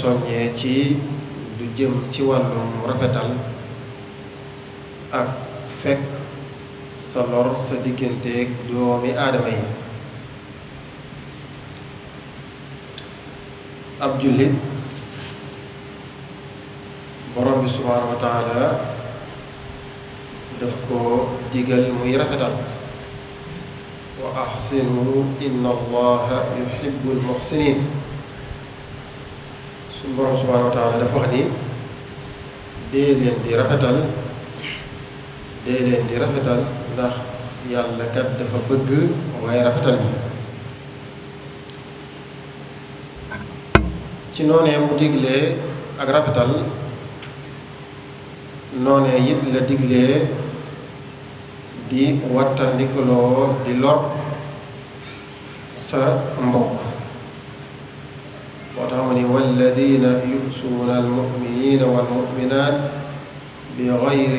soññee ci lu jëm ci wàllum rafetal ak fekk sa lor sa digganteeg doomi aadama yi ab jullit borom bi subhaanahu wa taala ko digal muy rafetal wa axsinu inna allaha yuhibbul muxsinin su borom subhaanahu wa taala dafa wax ni dee leen di rafetal dee leen di rafetal ndax yàlla kat dafa bëgg waaye rafetal bi ci noonee mu diglee ak rafetal noonee it la diglee di wattandikuloo di lor sa mbokk الرحمن والذين يؤتون المؤمنين والمؤمنات بغير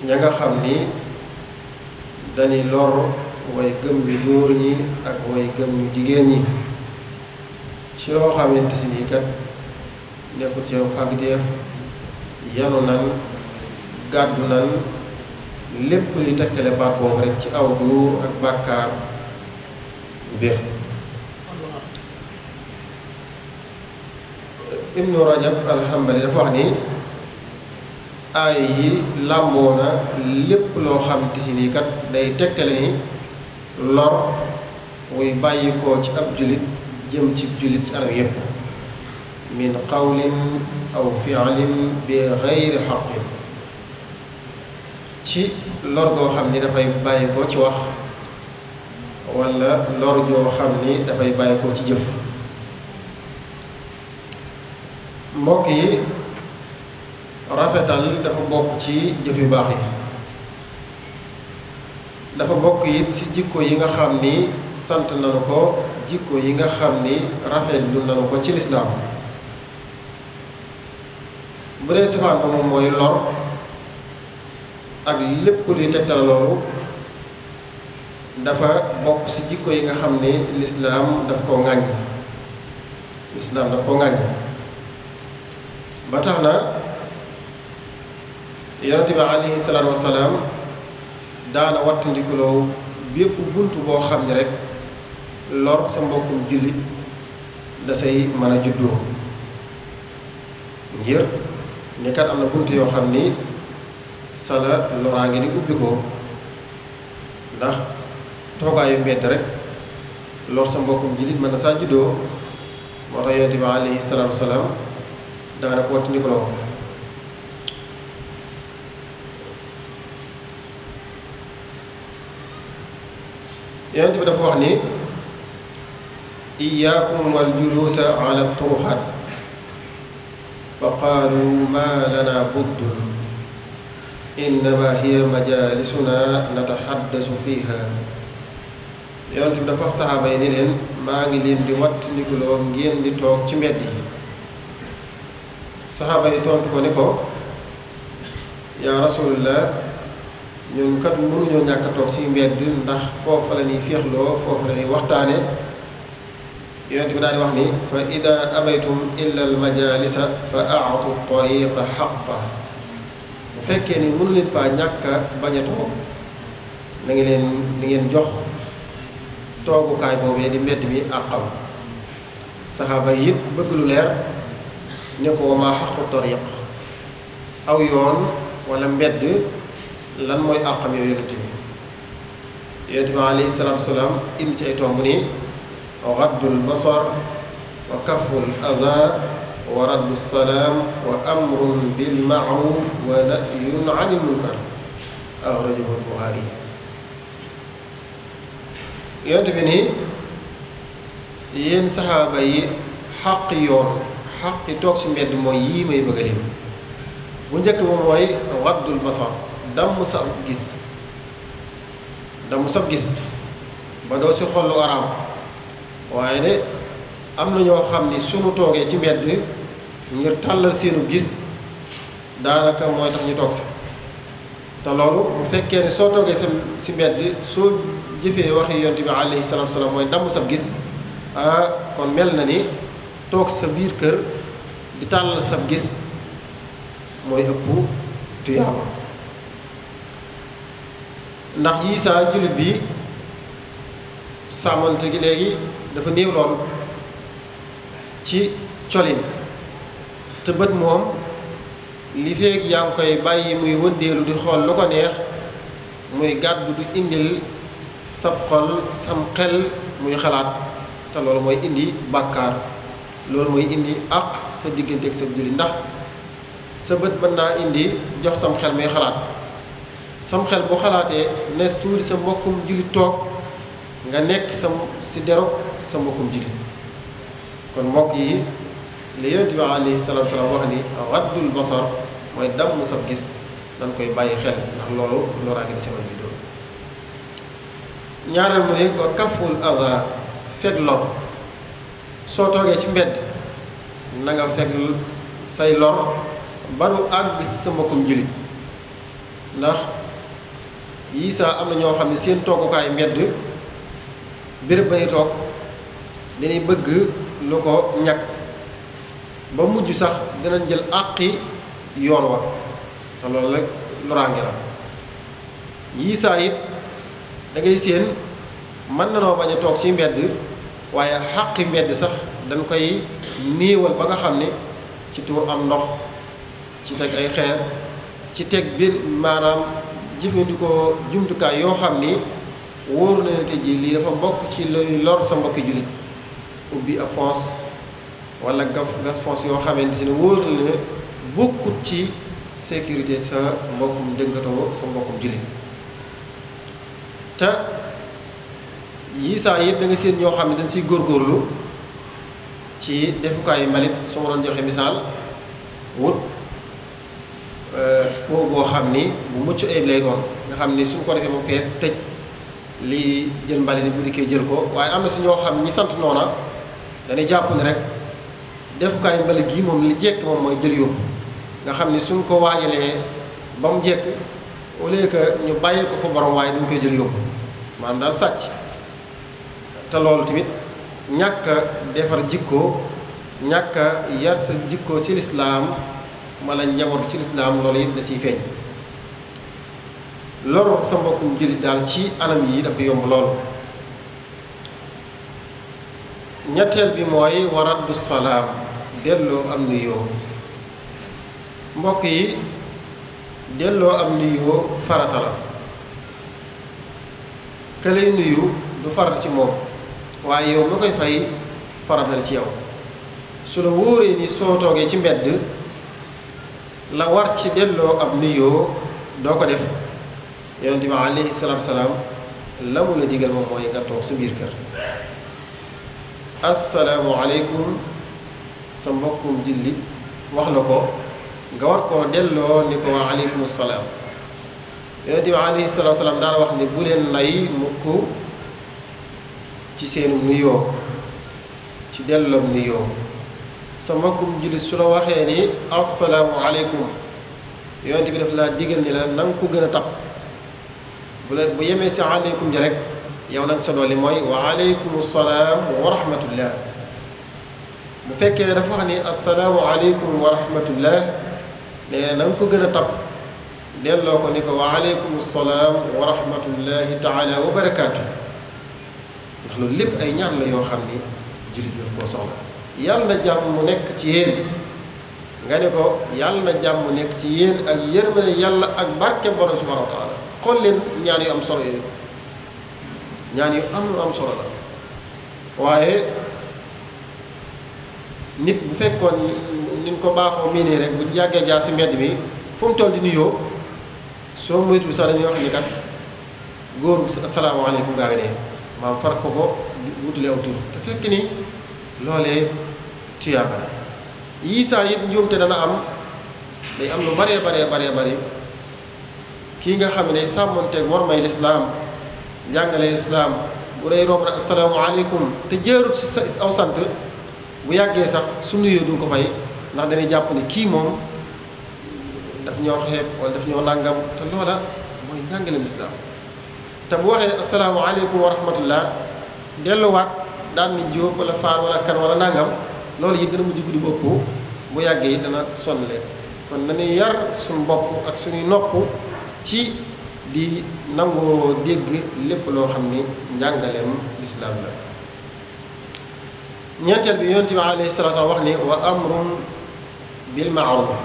nga xam ni dañuy lor way gëm ñu góor ñi ak way gëm ñu jigéen ñi ci loo xamante si nii kat nekkul seenu pàgg jeef nan gàddu nan lépp luy tekkale baat boobu rek ci aw góor ak bàkkaar biir ibnu rajab alhambali dafa wax ni aaya yi na lépp loo xam te si nii kat day tekkale ni lor muy bàyyi ko ci ab jullit jëm ci jullit ci anam yépp min qawlin aw fi'lin bi gayri xaqin ci lor goo xam ni dafay bàyyi ko ci wax walla lor joo xam ni dafay bàyyi ko ci jëf mbokk yi rafetal dafa bokk ci jëf yu baax yi dafa bokk it ci jikko yi nga xam ni sant nanu ko jikko yi nga xam ni rafet rafetlu nanu ko ci lislaam bu dee sifaan ba moom mooy lor ak lépp luy tegtal dafa bokk ci jikko yi nga xam ne lislaam daf koo ŋàññi lislaam daf koo ŋàññi ba tax na yonente bi alayhi salaatu wasalaam daana wattandikuloo bépp bunt boo xam ne rekk lor sa mbokkum jullit da say a juddoo ngir ni kat am na bunt yoo xam ni sala loraa ngi di ubbi ko ndax toogaayu mbedd rek lor sa mbokkum jilit mën na saa juddoo moo tax yonent bi alayhi salaatu wasalaam daana loo yonent bi dafa wax ni iyaakum wal juluusa ala turuxaat fa qaalu maa lana buddun innama hiya majalisuna nataxaddasu fiha yonent bi dafa wax saxaaba yi ni leen maa ngi leen di watt ndikuloo ngeen di toog ci mbedd yi saxaaba yi tontu ko ni ko yaa rasulullah ñun kat mënuñoo ñàkk toog ci mbedd ndax foofu la ñuy féexloo foofu la ñuy waxtaane yonent bi daal wax ni fa ida abaytum illa al fa aatu tariqa xaqa bu fekkee ni mënu leen faa ñàkk a bañ ngi leen ni ngeen jox toogukaay boobee di mbedd mi àqam saxaaba yi bëgg lu leer ne ko maa xaqu tariq aw yoon wala mbedd lan mooy àqam yow yonente bi yonente bi alayhi salaatu wasalaam indi ci ay tomb nii gaddul basar wa kaful aza wa raddu salaam wa amrun bil maaruf wa nahyun anil munkar axrajahu al-Buxaari yonent bi nii yéen saxaaba yi xaq yoon xaqi toog ci mbedd mooy yii may bëgg a lim bu njëkk ba mooy raddul basar damm sa gis damm sa gis ba doo ci xol araam waaye de am na ñoo xam ni suñu toogee ci mbedd ngir tàllal seenu gis daanaka mooy tax ñu toog si te loolu bu fekkee ne soo toogee sa si mbedd soo jëfee waxi yonte bi alayhi salaatu salaam mooy damm sab gis ah kon mel na ni toog sa biir kër di tàllal sab gis mooy ëpp tuyaaba ndax yii saa jullit bi sàmmante gi léegi dafa néew ci colin te bët moom li feeg yaa ngi koy bàyyi muy wëndeelu di xool lu ko neex muy gàddu du indil sab xol sam xel muy xalaat te loolu mooy indi bàkkaar loolu mooy indi àq sa diggante ak sa julli ndax sa bët mën naa indi jox sam xel muy xalaat sam xel bu xalaatee nees tuuti sa mbokkum julli toog nga nekk sa si derog sa mbokkum julli kon mbokk yi li yonent bi alayhi salaatu salaam wax ni raddul basar mooy damm sab gis dañ koy bàyyi xel ndax loolu loraange di safara bi ñaareel mu ne ko kaful aza fekk lor soo toogee ci mbedd na nga fekk say lor ba du àgg si sa mbokkum jullit ndax yii saa am na ñoo xam ne seen toogukaay mbedd béréb bay toog dañuy bëgg lu ko ñàkk ba mujj sax dinañ jël àqi yoon wa te loolu rek loraange la yii saa it da séen mën nanoo bañ a toog ci mbedd waaye xaqi mbedd sax dañ koy néewal ba nga xam ne ci tuur am ndox ci teg ay xeer ci teg biir maanaam jëfandikoo jumtukaay yoo xam ni wóor na ne te ji lii dafa bokk ci luy lor sa mbokki jullit ubbi ab foos wala gas foos yoo xamante si ne wóor la bokkut ci sécurité sa mbokkum jënkatoo sa mbokkum jullit te yi saa yit da séen seen ñoo xam ne dañ siy góorgóorlu ci defukaayu mbalit su ma doon joxe misaal wut euh, po boo xam ni bu mucc ayib lay doon nga xam ni suñ ko defee mu fees tëj lii jël mbalit yi bu dikkee jël ko waaye am na si ñoo xam ñi sant noona dañuy jàpp ni rek defukaayu mbali gii moom li jekk moom mooy jël yóbbu nga xam ni suñ ko waajalee ba mu jekk au lieu ñu bàyyi ko fa borom waaye dañ koy jël yóbbu maanaam daal sàcc te loolu tamit ñàkk a defar jikko ñàkk yar sa jikko ci lislaam wala njaboot ci lislaam loolu it da ciy feeñ loru sa mbokkum jullit daal ci anam yi dafa yomb lool ñetteel bi mooy waraddu salaam delloo am nuyoo mbokk yi delloo am nuyoo farata la nuyu du farata ci moom waaye yow ma koy fay farata ci yow su la wóoree ni soo toogee ci mbedd la war ci delloo am nuyoo doo ko def yonent bi alayhi salaatu salaam la mu la digal moom mooy nga toog sa biir kër asalaamualeykum sa mbokkum jullit wax la ko nga war koo delloo ni ko waa aleykum salaam yonent bi alayhi salaatu salaam daana wax ni bu leen nay mukk ci seenum nuyoo ci delloom nuyoo sa mbokkum jullit su la waxee ni asalaamualeykum yonent bi daf laa digal ni la na nga ko gën a tax bu la bu yemee si aleykum ji rek yow nag sa li mooy waaleykum salaam wa rahmatullah bu fekkee dafa wax ni asalaamualeykum wa rahmatullah nee na ko gën a tapp delloo ko ni ko waaleykum salaam wa rahmatullahi taala wa barakaatu ndax loolu lépp ay ñaan la yoo xam ni jullit yoo koo soxla yàlla jàmm mu nekk ci yéen nga ne ko yàlla jàmm nekk ci yéen ak yërmande yàlla ak barke borom subhanahu wa taala xool leen ñaan yu am solo ñaan yu am am solo la waaye nit bu fekkoon ni ko baaxoo miinee rek bu yàggee jaar si mbedd mi fu mu toll di nuyoo soo moytuwul sax dañuy wax ni kat góor asalaamaaleykum ngaa ngi ne maam far ko ko wutule aw tur te fekk ni loolee tuyaaba la yii saa it njuumte dana am day am lu baree baree baree bare kii nga xam ne sàmmonteeg war may lislaam njàngale islaam bu day romb nag asalaamaaleykum te jërut si sa aw sant bu yàggee sax su nuyoo duñ ko fay ndax dañuy jàpp ni kii moom daf ñoo xeeb wala daf ñoo nàngam te loola mooy njàngaleem islaam te bu waxee asalaamaaleykum wa rahmatullah delluwaat daan ni jóob wala faar wala kan wala nàngam loolu yi dana mujj guddi bopp bu yàggee yi dana sonle kon nañuy yar suñu bopp ak suñuy nopp ci di nangoo dégg lépp loo xam ni njàngaleem lislaam la ñeenteel bi yonent bi alayhi salaatu salaam wax ni wa amrun bil maaruf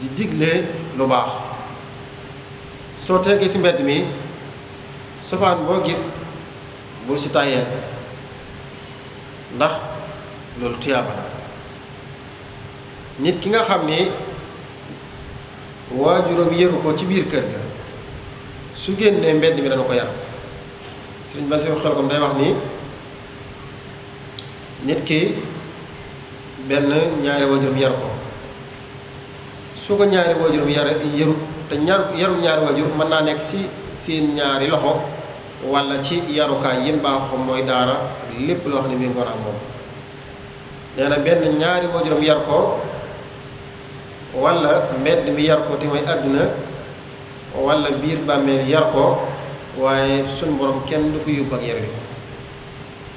di digle lu baax soo tegee ci mbedd mi sofaan boo gis bul ci tàyyeel ndax loolu tuyaaba la nit ki nga xam ni waa waajuram yëru ko ci biir kër ga su génnee mbedd mi dana ko yar sëriñ Basiru Xelkom day wax ni nit ki benn ñaari waajuram yar ko su ko ñaari waajuram yar yarut te ñaar yaru ñaari waajur mën naa nekk ci seen ñaari loxo wala ci yarukaay yén mooy daara ak lépp loo xam ne mi ngi moom nee na benn ñaari waajuram yar ko wala mbedd mi yar ko te mooy àdduna wala biir bàmmeel yar ko waaye suñ borom kenn du ko yóbbu ak yar bi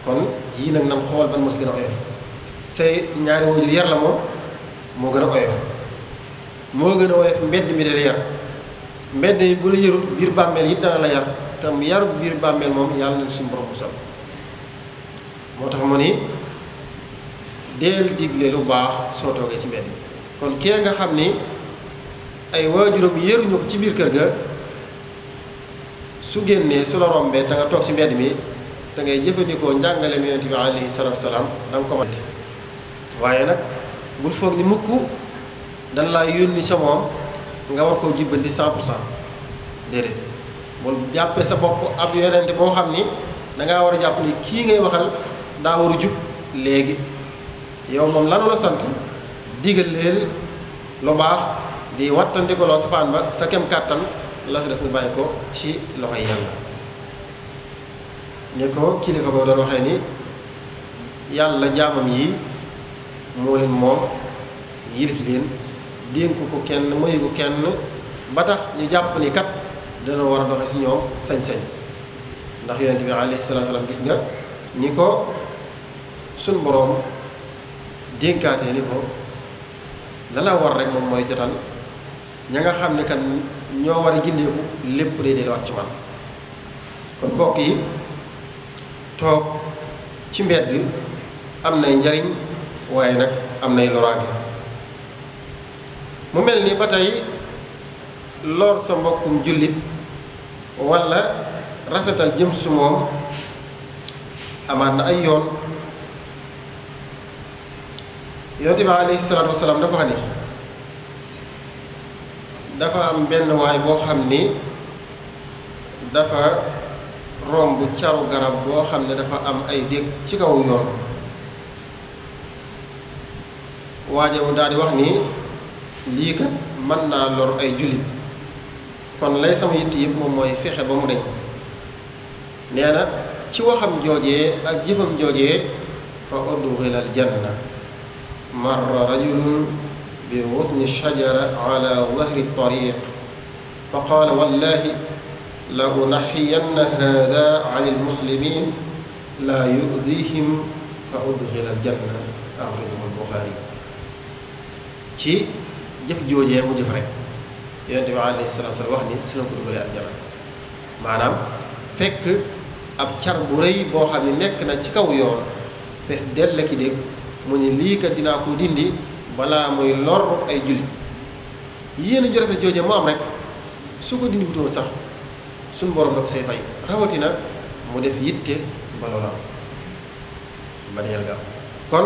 kon yii nag nan xool ban moo si gën a oyof say ñaari waajur yar la moom moo gën a oyof moo gën a oyof mbedd mi dala yar mbedd mi bu la yarul biir bàmmeel it dana la yar te mu yaru biir bàmmeel moom yàlla na suñ borom musal moo tax mu ni deel digle lu baax soo toogee ci mbedd mi kon kee nga xam ni ay waajuram yëruñu ko ci biir kër ga su génnee su la rombee danga toog ci mbedd mi te ngay jëfandikoo njàngale mi yonent bi alayhi salaatu salaam danga nga ko mën waaye nag bul foog ni mukk dan laa yónni sa moom nga war koo jibbanti cent pour cent déedéet bul jàppee sa bopp ab yonent boo xam ni dangaa war a jàpp ni kii ngay waxal daa war a jub léegi yow moom lanu la sant digal leen lu baax di wattandikuloo safaan ba sa kem kàttan la sa des nga bàyyi ko ci loxoy yàlla ni ko kii boo doon ni yàlla jaamam yi moo moom yilif leen dénk ko kenn mayu ko kenn ba tax ñu jàpp ni kat dana war a doxe si ñoom sañ-sañ ndax yonent bi alayhi salaatu salaam gis nga ni ko suñ boroom dénkaatee ni ko la la war rek moom mooy jotal ña nga xam ne kan ñoo war a gindeeku lépp day delluwaat ci man kon mbokk yi toog ci mbedd am nay njariñ waaye nag am nay loraange mu mel ni ba tey lor sa mbokkum jullit walla rafetal jëm su moom amaan na ay yoon yonent bi alayhi salaatu wasalaam dafa xam ni dafa am benn waay boo xam ni dafa romb caru garab boo xam ne dafa am ay dégg ci kaw yoon waajowu daal wax ni lii kat mën naa lor ay jullit kon lay sama yitt yëpp moom mooy fexe ba mu deñ nee na ci waxam joojee ak jëfam joojee fa udxilal janna marra rajulun bi wutni shajara ala dahri tariq fa qaala wallahi la unaxiyanna hada an ilmuslimin laa yudihim fa udxila aljanna axrajahu albuxaari ci jëf joojee mu jëf rek yonente bi alayhi salaatu salaam wax ni si la ko dugalee aljana maanaam fekk ab car bu rëy boo xam ne nekk na ci kaw yoon fees dell ki dégg mu ne lii kat dinaa ko dindi balaa muy lor ay jullit yéen ju rafet jooje moo am rek su ko dindi wutoon sax suñ borom da ko say fay rawatina mu def yitte ba loola ba dajal gaaw kon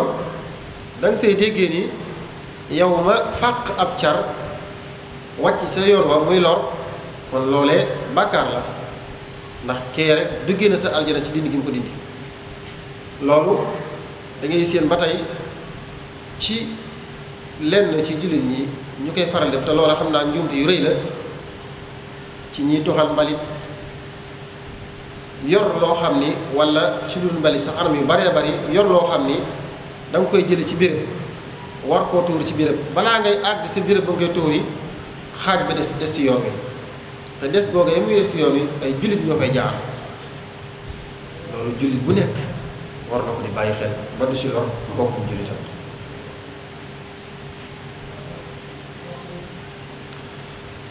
danga say déggee ni yow ma fàq ab car wàcc sa yoon wa muy lor kon loole bàkkaar la ndax kee rek duggee na sa aljana ci dindi gi mu ko dindi loolu dangay séen ba tey ci lenn ci jullit ñi ñu koy faral def te loola xam naa njuumte yu rëy la ci ñiy tuxal mbalit yor loo xam ni wala ci dul mbalit sax anam yu baree bari yor loo xam ni da koy jële ci béréb war koo tuur ci béréb balaa ngay àgg sa béréb ba nga koy tuuri xaaj ba des des si yoon wi te des googu yi muy des si yoon wi ay jullit ñoo koy jaar loolu jullit bu nekk. war na ko di bàyyi xel ba du si lor mbokkum jullitam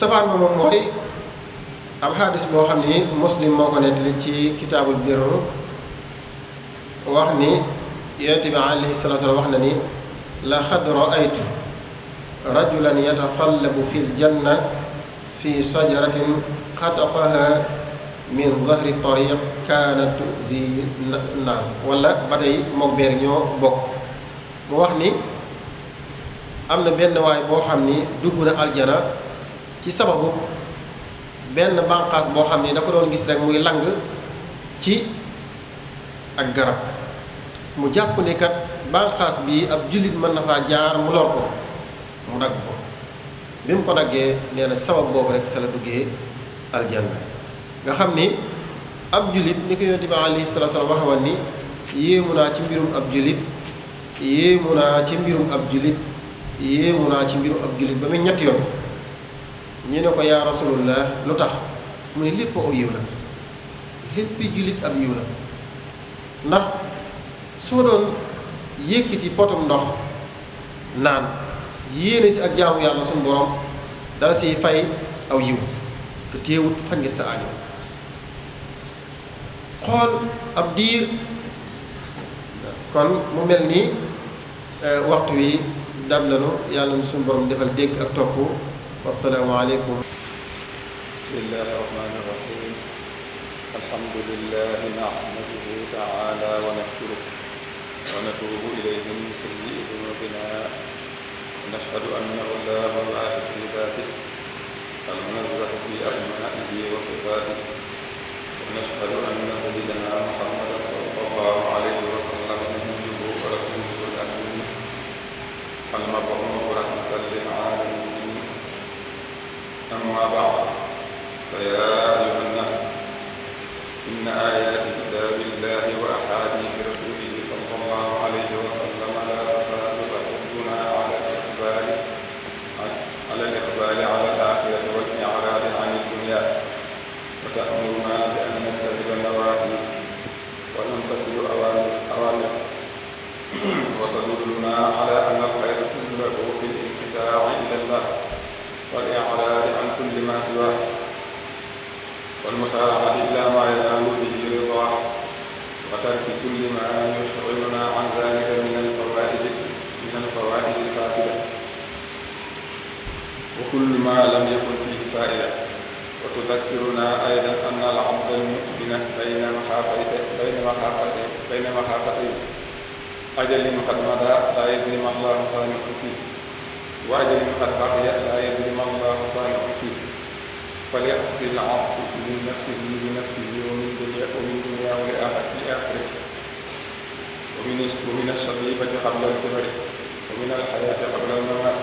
safaan ba moom mooy ab xaadis boo xam ni muslim moo ko nettali ci kitaabul birru wax ni yonent bi alayhi salaatu wax na ni la xad raaytu rajulan yataxallabu fi ljanna fi sajaratin xataqaha min zahri tariq kaanat tuzi naas wala ba tey mook beer ñoo bokk mu wax ni am na benn waay boo xam ni dugg na aljana ci sababu benn banqaas boo xam ni da ko doon gis rek muy lang ci ak garab mu jàpp ni kat bànqaas bi ab jullit mën na faa jaar mu lor ko mu dagg ko bi mu ko daggee nee na sabab boobu rek sa la duggee aljana nga xam ni ab julit ni ko yonent bi alayhi salaatu salaam ni yéemu naa ci mbirum ab julit yéemu naa ci mbirum ab julit naa ci mbirum ab julit ba muy ñetti yoon ñu ne ko yaa rasulullah lu tax mu ne lépp aw yiw la léppi julit ab yiw la ndax soo doon yëkkati potum ndox naan yéene si ak jaamu yàlla suñu borom dala siy fay aw yiw te téewut faj nga sa aajo xool ab diir kon mu mel nii eh, waxtu wi dab lanu yàlla na suñu borom defal dégg ak topp wasalaamaaleykum bismillahi rahmani rahim alhamdulillahi nahmaduhu taala wa nashkuruh wa natubu ilayhi min sayyi'i المنزه في أسمائه وصفاته ونشهد أن سيدنا محمدا صلى الله عليه وسلم من جبر ولكم الأمين المبعوث رحمة ما يشغلنا عن ذلك من الفوائد من الفوائد الفاسدة وكل ما لم يكن فيه فائدة وتذكرنا أيضا أن العبد المؤمن بين مخافتين بين مخافتين بين مخافتين أجل قد مضى لا يظلم الله صانع فيه وأجل قد بقي لا يظلم الله صانع فيه فليأتي العبد من نفسه بنفسه ومن دنيا ومن دنياه لآخره ومن الشبيبة قبل الكبر ومن الحياة قبل الممات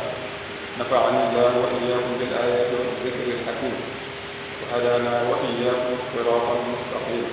نفعني الله وإياكم بالآيات والذكر الحكيم وهدانا وإياكم الصراط المستقيم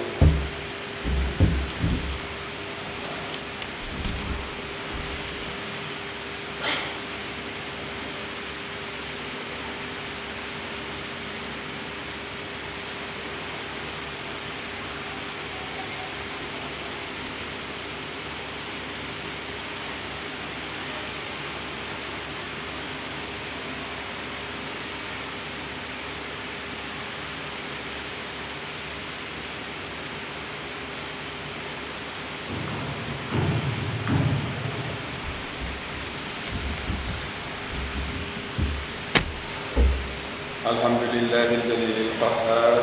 الحمد لله الجليل القهار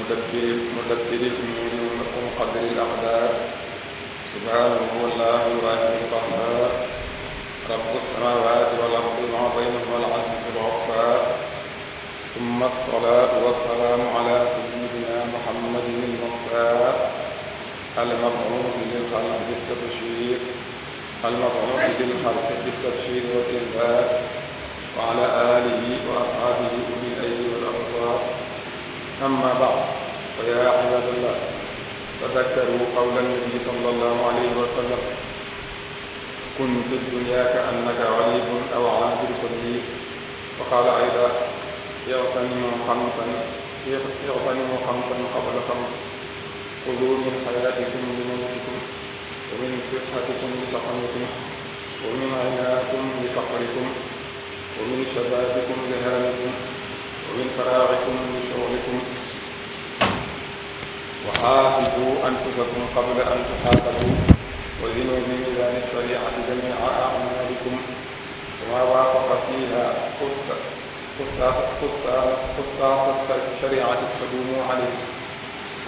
مدبر مدبر الامور ومقدر الاقدار سبحانه هو الله الواحد القهار رب السماوات والارض وما بينهما العزيز الغفار ثم الصلاه والسلام على سيدنا محمد المختار المبعوث للخلق بالتبشير المبعوث للخلق بالتبشير والانذار wa ala alihi wa ashaabihi ulil aydi wal absar amma baad fa yaa ibaadallah tadakkaru qawla nabi sallallahu alayhi wa sallam kun fi dunya ka annaka gharibun aw ala ghairi sabil wa qaala aydan i'tanimu xamsan i'tanimu xamsan qabla xams xuduu min xayaatikum li mawtikum wa min sihhatikum li saqamikum wa min ghinaakum li faqrikum ومن شبابكم لهرمكم ومن فراغكم من شغلكم وحافظوا أنفسكم قبل أن تحاسبوا وزنوا بميزان الشريعة جميع أعمالكم وما وافق فيها قسطاس الشريعة فدوموا عليه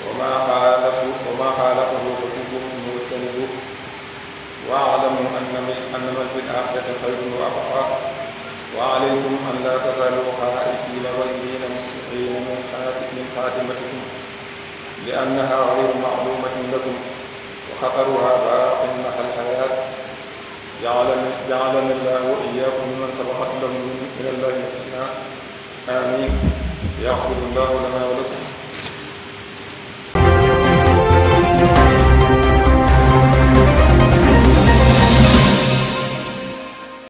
وما خالفوا وما خالفه فكلكم مجتنبوه واعلموا أن ما في الآخرة خير وأبقى وعليكم ألا تزالوا عائشين غيرين مشفقين من من خاتمتكم لأنها غير معلومة لكم وخطرها باق مع الحياة جعلنا جعلنا الله وإياكم ممن سبقت له من الله الحسنى آمين يغفر الله لنا